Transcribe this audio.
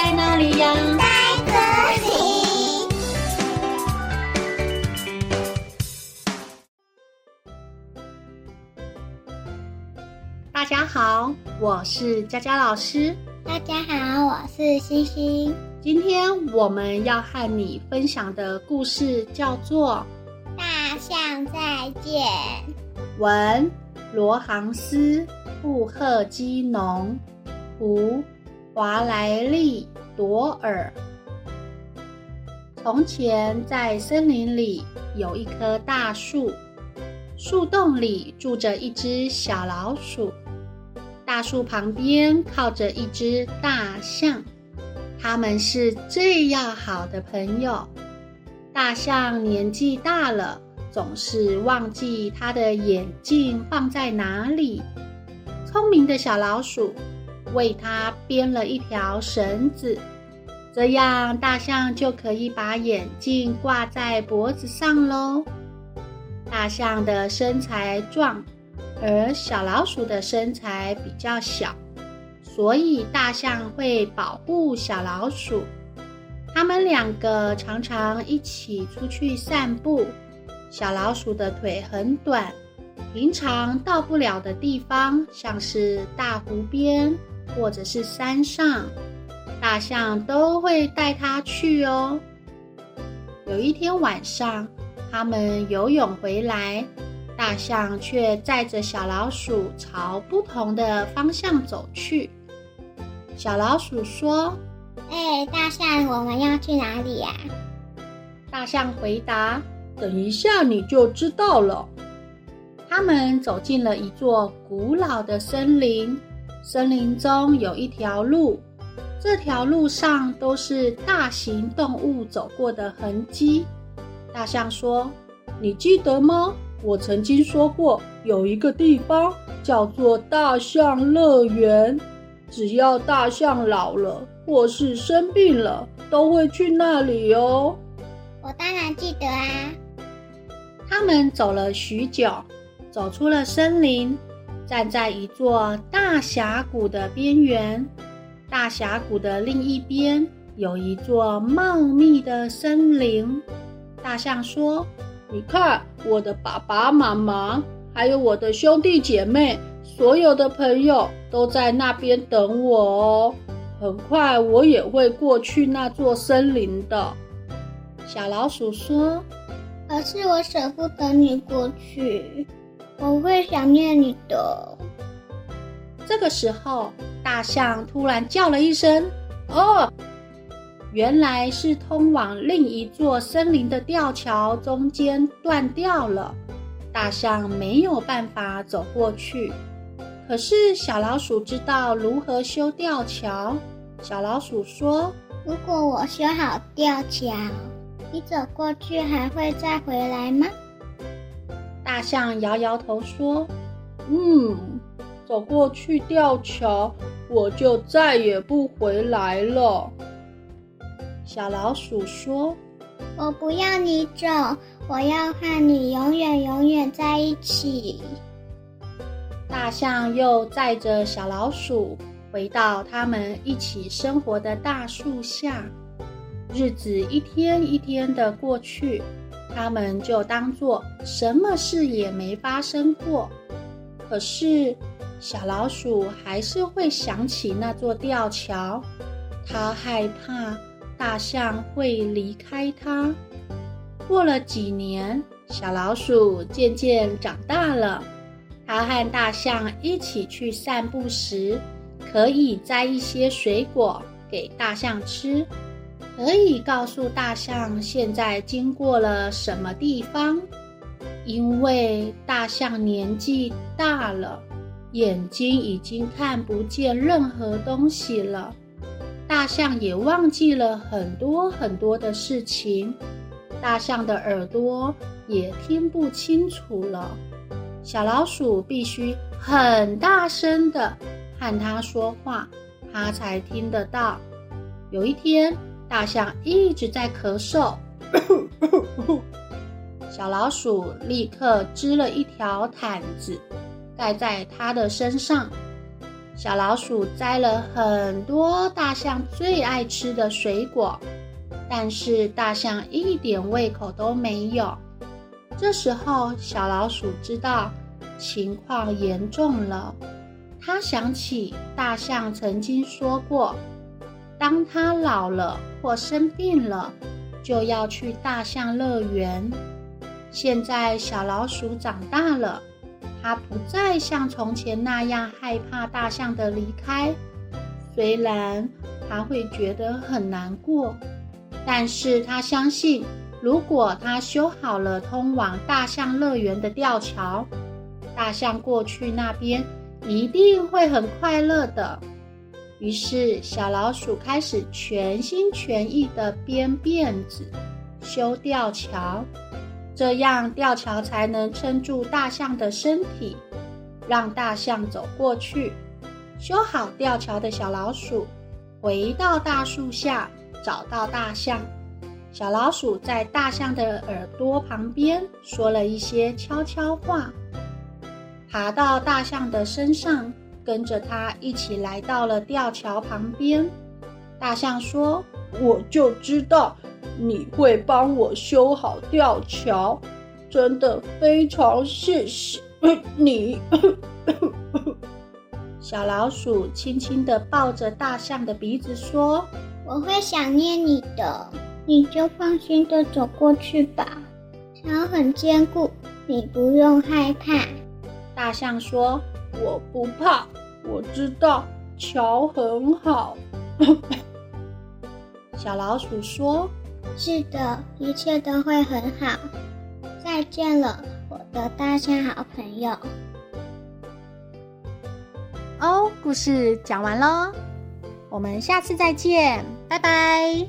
在哪裡呀？在這裡。大家好，我是佳佳老師。大家好，我是星星。今天我們要和你分享的故事叫做《大象再見》。文：羅杭斯布赫基農，胡。華萊利朵爾。從前，在森林裡有一棵大樹，樹洞裡住着一隻小老鼠。大樹旁邊靠着一隻大象，他們是最要好的朋友。大象年紀大了，總是忘記他的眼鏡放在哪裡。聰明的小老鼠。為它編了一條繩子，這樣大象就可以把眼鏡掛在脖子上嘍。大象的身材壯，而小老鼠的身材比較小，所以大象會保護小老鼠。它們兩個常常一起出去散步，小老鼠的腿很短，平常到不了的地方，像是大湖邊。或者是山上，大象都會帶它去哦。有一天晚上，他們游泳回來，大象卻載着小老鼠朝不同的方向走去。小老鼠說：“哎，大象，我們要去哪裡呀？”大象回答：“等一下你就知道了。”他們走進了一座古老的森林。森林中有一條路，這條路上都是大型動物走過的痕迹。大象說：“你記得嗎？我曾經說過，有一個地方叫做大象樂園。只要大象老了或是生病了，都會去那裡哦。”我當然記得啊。他們走了許久，走出了森林。站在一座大峽谷的邊緣，大峽谷的另一邊有一座茂密的森林。大象說：“你看，我的爸爸媽媽還有我的兄弟姐妹，所有的朋友都在那邊等我哦。很快，我也會過去那座森林的。”小老鼠說：“可是我捨不得你過去。”我會想念你的。這個時候，大象突然叫了一聲：“哦，原來是通往另一座森林的吊橋中間斷掉了，大象沒有辦法走過去。”可是小老鼠知道如何修吊橋。小老鼠說：“如果我修好吊橋，你走過去還會再回來嗎？”大象搖搖頭說：“嗯，走過去吊橋，我就再也不回來了。”小老鼠說：“我不要你走，我要和你永遠永遠在一起。”大象又載着小老鼠回到他們一起生活的大樹下，日子一天一天的過去。他們就當作什麼事也沒發生過。可是小老鼠還是會想起那座吊橋，它害怕大象會離開它。過了幾年，小老鼠漸漸長大了，它和大象一起去散步時，可以摘一些水果給大象吃。可以告訴大象現在經過了什麼地方，因為大象年紀大了，眼睛已經看不見任何東西了。大象也忘記了很多很多的事情，大象的耳朵也聽不清楚了。小老鼠必須很大聲的和它說話，它才聽得到。有一天，大象一直在咳嗽咳，小老鼠立刻織了一條毯子蓋在它的身上。小老鼠摘了很多大象最愛吃的水果，但是大象一點胃口都沒有。這時候，小老鼠知道情況嚴重了，它想起大象曾經說過。當他老了或生病了，就要去大象樂園。現在小老鼠長大了，它不再像從前那樣害怕大象的離開。雖然它會覺得很難過，但是它相信，如果它修好了通往大象樂園的吊橋，大象過去那邊一定會很快樂的。於是，小老鼠開始全心全意地編辮子、修吊橋，這樣吊橋才能撐住大象的身體，讓大象走過去。修好吊橋的小老鼠回到大樹下，找到大象。小老鼠在大象的耳朵旁邊說了一些悄悄話，爬到大象的身上。跟着他一起來到了吊橋旁邊，大象說：“我就知道你會幫我修好吊橋，真的非常謝謝你。 ”小老鼠輕輕的抱着大象的鼻子說：“我會想念你的，你就放心的走過去吧，橋很堅固，你不用害怕。”大象說。我不怕，我知道橋很好。 小老鼠說：“是的，一切都會很好。”再見了，我的大象好朋友。哦，故事講完嘍，我們下次再見，拜拜。